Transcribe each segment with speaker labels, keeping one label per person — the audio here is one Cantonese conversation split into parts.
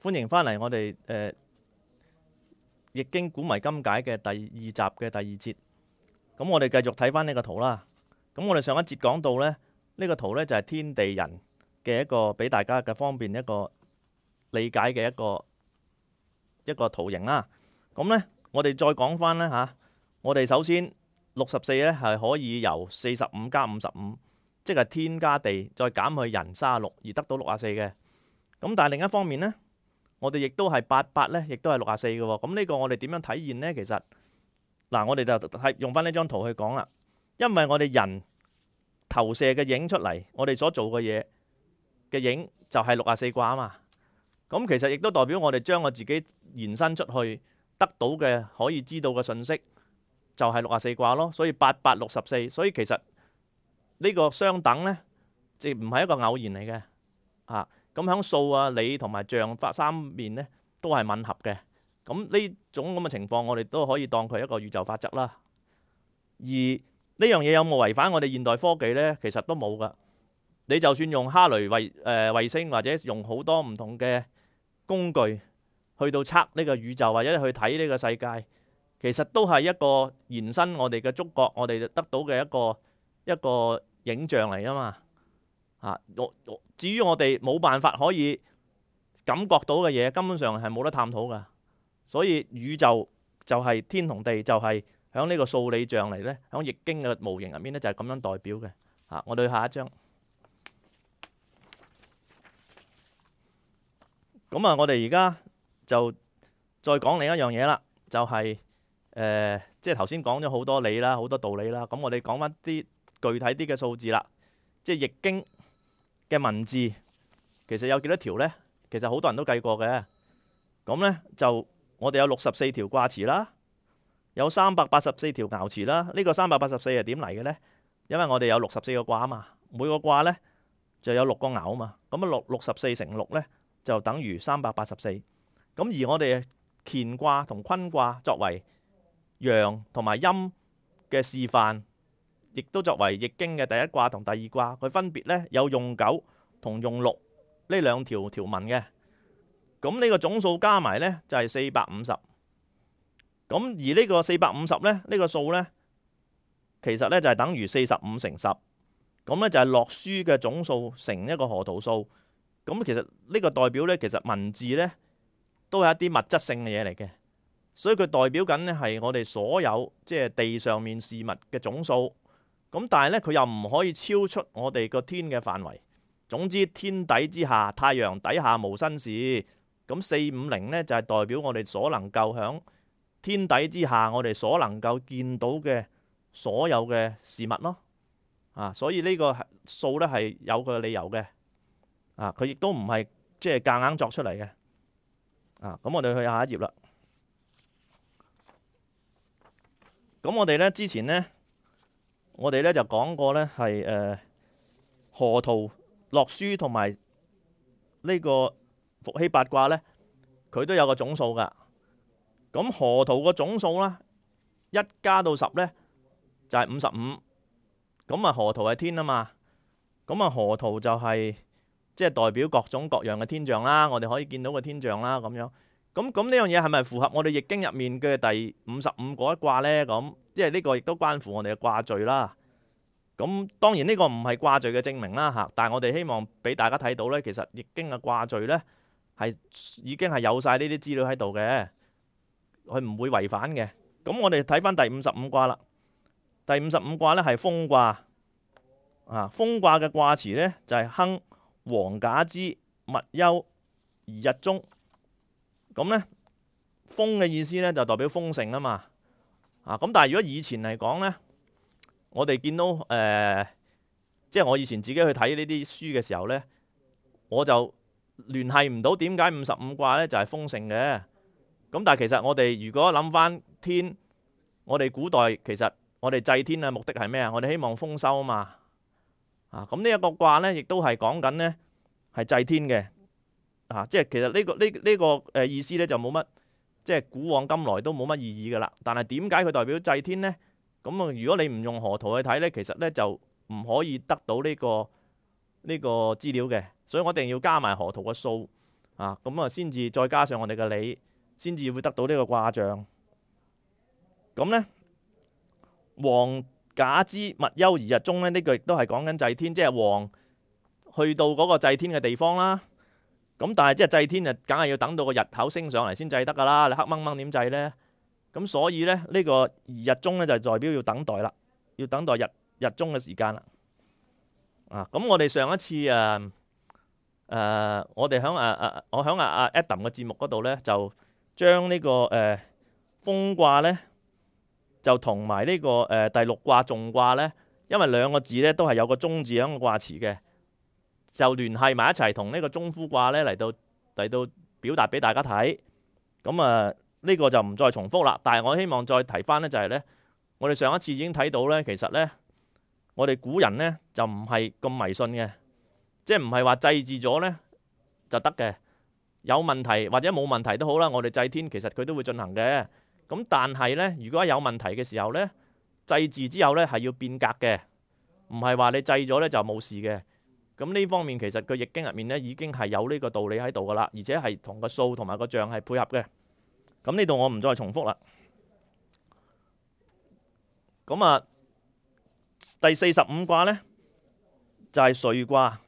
Speaker 1: 歡迎翻嚟，我哋誒《易經古謎今解》嘅第二集嘅第二節。咁我哋繼續睇翻呢個圖啦。咁我哋上一節講到呢，呢、呢個圖呢就係天地人嘅一個俾大家嘅方便一個理解嘅一個一個圖形啦。咁呢、啊，我哋再講翻咧吓，我哋首先六十四呢係可以由四十五加五十五，即係天加地，再減去人三十六而得到六十四嘅。咁但係另一方面呢。我哋亦都係八八咧，亦都係六十四嘅。咁呢個我哋點樣體現呢？其實嗱，我哋就用翻呢張圖去講啦。因為我哋人投射嘅影出嚟，我哋所做嘅嘢嘅影就係六十四卦啊嘛。咁其實亦都代表我哋將我自己延伸出去得到嘅可以知道嘅信息，就係六十四卦咯。所以八八六十四，所以其實呢個相等呢，即唔係一個偶然嚟嘅啊。咁喺數啊、理同埋象法三面咧，都係吻合嘅。咁呢種咁嘅情況，我哋都可以當佢一個宇宙法則啦。而呢樣嘢有冇違反我哋現代科技呢？其實都冇噶。你就算用哈雷衛誒、呃、衛星或者用好多唔同嘅工具去到測呢個宇宙或者去睇呢個世界，其實都係一個延伸我哋嘅觸覺，我哋得到嘅一個一個影像嚟啊嘛。啊！我我至於我哋冇辦法可以感覺到嘅嘢，根本上係冇得探討㗎。所以宇宙就係天同地，就係喺呢個數理象嚟咧，喺易經嘅模型入面咧就係咁樣代表嘅。啊！我哋下一章咁啊！我哋而家就再講另一樣嘢啦，就係、是、誒，即係頭先講咗好多理啦，好多道理啦。咁我哋講返啲具體啲嘅數字啦，即係易經。嘅文字其實有幾多條呢？其實好多人都計過嘅。咁呢，就我哋有六十四條卦辭啦，有三百八十四條爻辭啦。呢個三百八十四係點嚟嘅呢？因為我哋有六十四個卦嘛，每個卦呢就有六個爻嘛。咁啊六六十四乘六呢，就等於三百八十四。咁而我哋乾卦同坤卦作為陽同埋陰嘅示範。亦都作為易經嘅第一卦同第二卦，佢分別咧，有用九同用六呢兩條條文嘅。咁呢個總數加埋咧，就係四百五十。咁而呢個四百五十咧，呢個數咧，其實咧就係、是、等於四十五乘十。咁咧就係洛書嘅總數乘一個河圖數。咁其實呢個代表咧，其實文字咧都係一啲物質性嘅嘢嚟嘅。所以佢代表緊咧係我哋所有即係、就是、地上面事物嘅總數。咁但係咧，佢又唔可以超出我哋個天嘅範圍。總之，天底之下，太陽底下無新事。咁四五零咧就係代表我哋所能夠響天底之下，我哋所能夠見到嘅所有嘅事物咯。啊，所以呢個數咧係有佢嘅理由嘅。啊，佢亦都唔係即係夾硬作出嚟嘅。啊，咁我哋去下一頁啦。咁我哋咧之前咧。我哋咧就講過咧，係誒河圖洛書同埋呢個伏羲八卦咧，佢都有個總數噶。咁河圖個總數咧，一加到十咧，就係五十五。咁啊，河圖係天啊嘛。咁啊，河圖就係即係代表各種各樣嘅天象啦。我哋可以見到個天象啦，咁樣。咁咁呢樣嘢係咪符合我哋易經入面嘅第五十五個一卦咧？咁？即係呢個亦都關乎我哋嘅卦序啦。咁當然呢個唔係卦序嘅證明啦，吓。但係我哋希望俾大家睇到呢，其實易經嘅卦序呢，係已經係有晒呢啲資料喺度嘅，佢唔會違反嘅。咁我哋睇翻第五十五卦啦。第五十五卦呢係豐卦啊，豐卦嘅卦辭呢，就係亨，王假之勿憂，而日中。咁呢，豐嘅意思呢，就代表豐盛啊嘛。啊！咁但係如果以前嚟講咧，我哋見到誒、呃，即係我以前自己去睇呢啲書嘅時候咧，我就聯繫唔到點解五十五卦咧就係豐盛嘅。咁但係其實我哋如果諗翻天，我哋古代其實我哋祭天嘅目的係咩啊？我哋希望豐收啊嘛。啊！咁呢一個卦咧，亦都係講緊咧係祭天嘅。啊！即係其實呢、呢個呢呢、呢個誒、呢個、意思咧就冇乜。即係古往今來都冇乜意義噶啦，但係點解佢代表祭天呢？咁啊，如果你唔用河圖去睇呢，其實呢就唔可以得到呢、呢個呢、呢個資料嘅，所以我一定要加埋河圖嘅數啊，咁啊先至再加上我哋嘅理，先至會得到呢個卦象。咁呢，王假之勿憂而日中呢，呢句都係講緊祭天，即係王去到嗰個祭天嘅地方啦。咁但係即係祭天就梗係要等到個日頭升上嚟先祭得噶啦，你黑掹掹點祭呢？咁所以咧，呢個日中咧就代表要等待啦，要等待日日中嘅時間啦。咁、啊、我哋上一次啊，誒，我哋響啊啊，我響阿阿 Adam 嘅節目嗰度咧，就將呢、這個誒豐卦咧，就同埋呢個誒第六卦訟卦咧，因為兩個字咧都係有個中字喺個卦詞嘅。就聯繫埋一齊，同呢個中孚卦咧嚟到嚟到表達俾大家睇。咁啊，呢、呃呢個就唔再重複啦。但係我希望再提翻呢，就係呢：我哋上一次已經睇到呢，其實呢，我哋古人呢，就唔係咁迷信嘅，即係唔係話祭祀咗呢就得嘅。有問題或者冇問題都好啦，我哋祭天其實佢都會進行嘅。咁但係呢，如果有問題嘅時候呢，祭祀之後呢係要變革嘅，唔係話你祭咗呢就冇事嘅。咁呢方面其實佢易經入面呢已經係有呢個道理喺度噶啦，而且係同個數同埋個象係配合嘅。咁呢度我唔再重複啦。咁啊，第四十五卦呢，就係萃卦。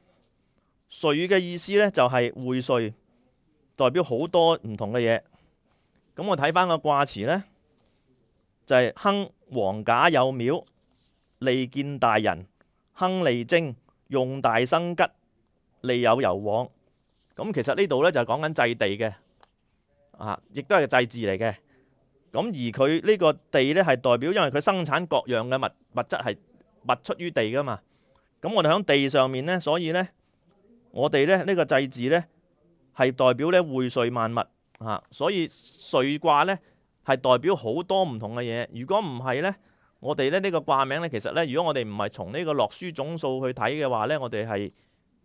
Speaker 1: 萃嘅意思呢，就係匯萃，代表好多唔同嘅嘢。咁我睇返個卦詞呢，就係、是、亨王假有廟，利見大人，亨利貞。用大生吉，利有攸往。咁其實呢度呢，就係講緊祭地嘅，啊，亦都係個祭祀嚟嘅。咁而佢呢個地呢，係代表，因為佢生產各樣嘅物物質係物出於地噶嘛。咁我哋喺地上面呢，所以呢，我哋呢呢個祭祀呢，係代表呢匯萃萬物啊。所以萃卦呢，係代表好多唔同嘅嘢。如果唔係呢。我哋咧呢、呢個卦名呢，其實呢，如果我哋唔係從呢個落書總數去睇嘅話呢，我哋係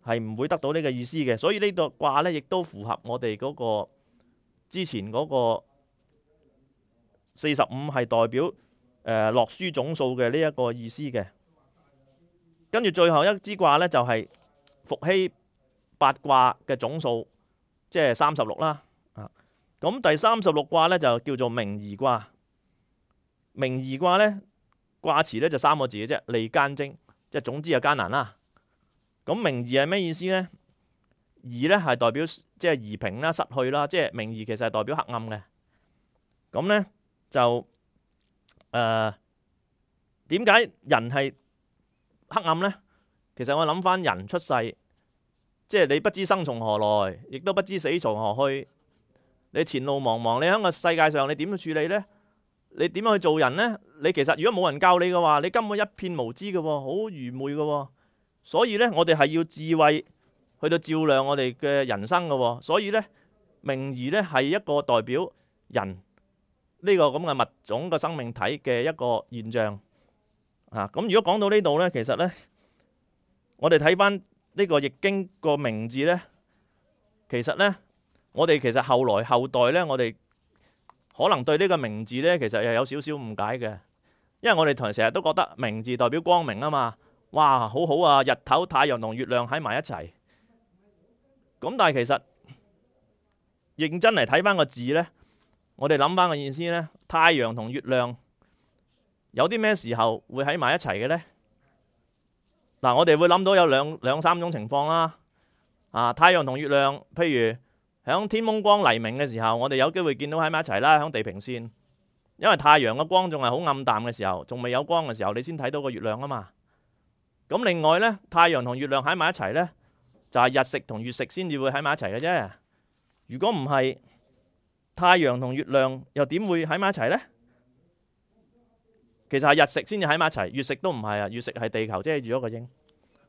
Speaker 1: 係唔會得到呢個意思嘅。所以呢個卦呢，亦都符合我哋嗰、嗰個之前嗰個四十五係代表誒落、呃、書總數嘅呢一個意思嘅。跟住最後一支卦呢，就係伏羲八卦嘅總數，即係三十六啦。咁、啊嗯、第三十六卦呢，就叫做明夷卦。明夷卦呢。卦辭咧就三個字嘅啫，利艱貞，即係總之就艱難啦。咁明夷係咩意思呢？夷呢係代表即係夷平啦、失去啦，即係明夷其實係代表黑暗嘅。咁呢，就、呃、誒，點解人係黑暗呢？其實我諗翻人出世，即係你不知生從何來，亦都不知死從何去，你前路茫茫，你喺個世界上你點去處理呢？你點樣去做人呢？你其實如果冇人教你嘅話，你根本一片無知嘅，好愚昧嘅。所以呢，我哋係要智慧去到照亮我哋嘅人生嘅。所以呢，名義呢係一個代表人呢個咁嘅物種嘅生命體嘅一個現象。嚇，咁如果講到呢度呢，其實呢我哋睇翻呢個《易經》個名字呢，其實呢我哋其實後來後代呢，我哋。可能對呢個明字呢，其實又有少少誤解嘅，因為我哋同成日都覺得明字代表光明啊嘛，哇，好好啊！日頭、太陽同月亮喺埋一齊，咁但係其實認真嚟睇翻個字呢，我哋諗翻個意思呢：太陽同月亮有啲咩時候會喺埋一齊嘅呢？嗱，我哋會諗到有兩兩三種情況啦，啊，太陽同月亮，譬如，響天空光、黎明嘅時候，我哋有機會見到喺埋一齊啦。響地平綫，因為太陽嘅光仲係好暗淡嘅時候，仲未有光嘅時候，你先睇到個月亮啊嘛。咁另外呢，太陽同月亮喺埋一齊呢，就係日食同月食先至會喺埋一齊嘅啫。如果唔係，太陽同月亮又點會喺埋一齊呢？其實係日食先至喺埋一齊，月食都唔係啊。月食係地球遮住咗個影，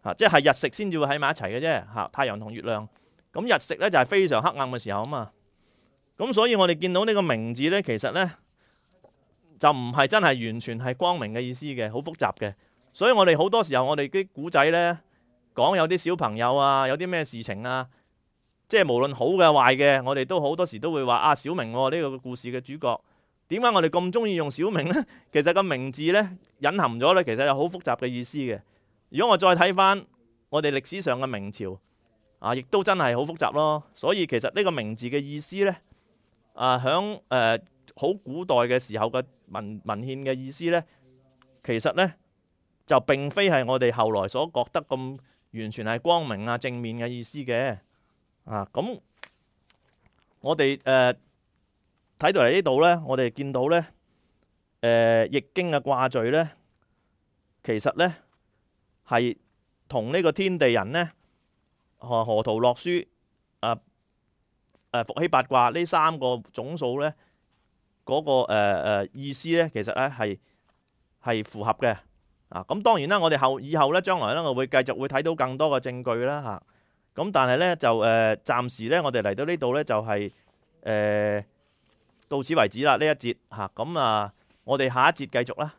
Speaker 1: 吓，即係日食先至會喺埋一齊嘅啫。吓，太陽同月亮。咁日食咧，就係非常黑暗嘅時候啊嘛，咁所以我哋見到呢個名字咧，其實咧就唔係真係完全係光明嘅意思嘅，好複雜嘅。所以我哋好多時候我哋啲古仔咧講有啲小朋友啊，有啲咩事情啊，即係無論好嘅壞嘅，我哋都好多時都會話啊，小明呢，啊呢個故事嘅主角，點解我哋咁中意用小明呢？其實個名字咧隱含咗咧，其實有好複雜嘅意思嘅。如果我再睇翻我哋歷史上嘅明朝。啊！亦都真係好複雜咯，所以其實呢個名字嘅意思咧，啊響誒好古代嘅時候嘅文文獻嘅意思咧，其實咧就並非係我哋後來所覺得咁完全係光明啊正面嘅意思嘅，啊咁我哋誒睇到嚟呢度咧，我哋見到咧誒易經嘅卦序咧，其實咧係同呢個天地人咧。河圖圖洛書，啊，誒伏羲八卦呢三個總數咧，嗰、那個誒誒、呃呃、意思咧，其實咧係係符合嘅，啊咁當然啦，我哋後以後咧將來咧，我會繼續會睇到更多嘅證據啦吓，咁、啊、但係咧就誒、呃、暫時咧，我哋嚟到呢度咧就係、是、誒、呃、到此為止啦呢一節吓，咁啊，啊我哋下一節繼續啦。